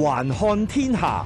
環看天下，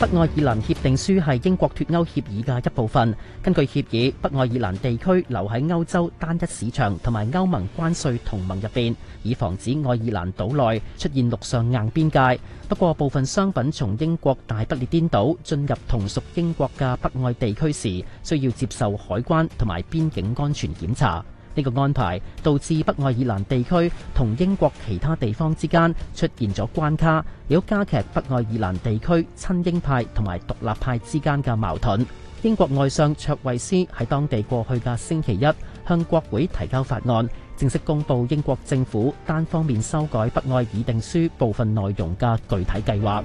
北愛爾蘭協定書係英國脫歐協議嘅一部分。根據協議，北愛爾蘭地區留喺歐洲單一市場同埋歐盟關稅同盟入邊，以防止愛爾蘭島內出現陸上硬邊界。不過，部分商品從英國大不列顛島進入同屬英國嘅北愛地區時，需要接受海關同埋邊境安全檢查。呢、這個安排導致北愛爾蘭地區同英國其他地方之間出現咗關卡，要加劇北愛爾蘭地區親英派同埋獨立派之間嘅矛盾。英國外相卓慧思喺當地過去嘅星期一向國會提交法案，正式公布英國政府單方面修改北愛議定書部分內容嘅具體計劃。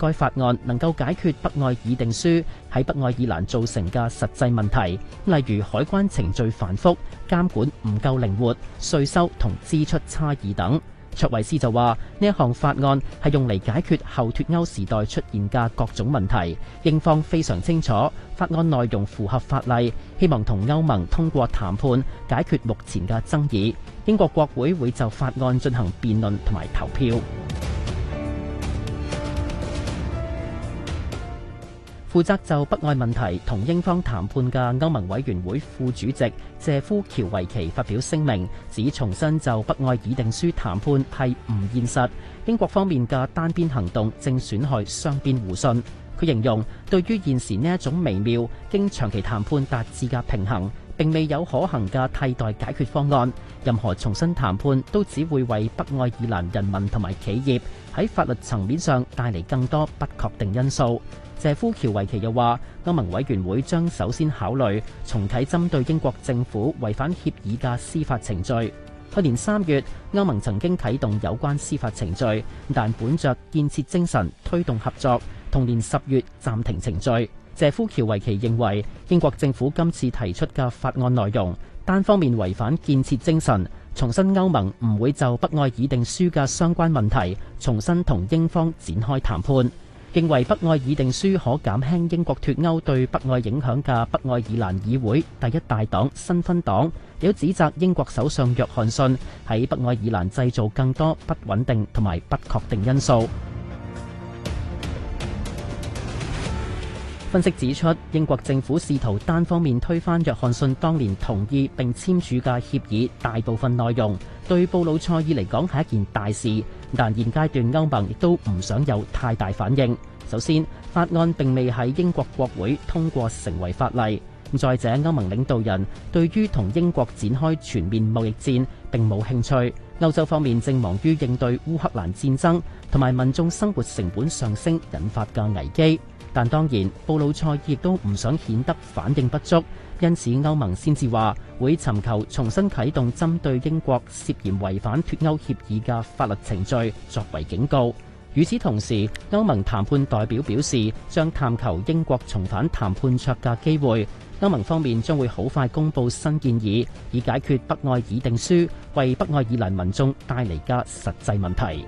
該法案能夠解決北愛議定書喺北愛爾蘭造成嘅實際問題，例如海關程序繁複、監管唔夠靈活、稅收同支出差異等。卓維斯就話，呢一項法案係用嚟解決後脫歐時代出現嘅各種問題。英方非常清楚法案內容符合法例，希望同歐盟通過談判解決目前嘅爭議。英國國會會就法案進行辯論同埋投票。負責就北愛問題同英方談判嘅歐盟委員會副主席謝夫喬維奇發表聲明，指重新就北愛議定書談判係唔現實。英國方面嘅單邊行動正損害雙邊互信。佢形容，對於現時呢一種微妙經長期談判達至嘅平衡，並未有可行嘅替代解決方案。任何重新談判都只會為北愛爾蘭人民同埋企業喺法律層面上帶嚟更多不確定因素。謝夫喬維奇又話，歐盟委員會將首先考慮重啟針對英國政府違反協議嘅司法程序。去年三月，歐盟曾經啟動有關司法程序，但本着建設精神推動合作，同年十月暫停程序。謝夫喬維奇認為，英國政府今次提出嘅法案內容單方面違反建設精神，重申歐盟唔會就《北愛議定書》嘅相關問題重新同英方展開談判。認為北愛議定書可減輕英國脫歐對北愛影響嘅北愛爾蘭議會第一大黨新芬黨，有指責英國首相約翰遜喺北愛爾蘭製造更多不穩定同埋不確定因素。分析指出，英國政府試圖單方面推翻約翰遜當年同意並簽署嘅協議大部分內容，對布魯塞爾嚟講係一件大事。但現階段歐盟亦都唔想有太大反應，首先，法案並未喺英國國會通過成為法例。再者，歐盟領導人對於同英國展開全面貿易戰並冇興趣。歐洲方面正忙於應對烏克蘭戰爭同埋民眾生活成本上升引發嘅危機。但當然，布魯塞爾亦都唔想顯得反應不足，因此歐盟先至話會尋求重新啟動針對英國涉嫌違反脫歐協議嘅法律程序，作為警告。與此同時，歐盟談判代表表示，將探求英國重返談判桌嘅機會。歐盟方面將會好快公佈新建議，以解決北愛爾定書為北愛爾蘭民眾帶嚟嘅實際問題。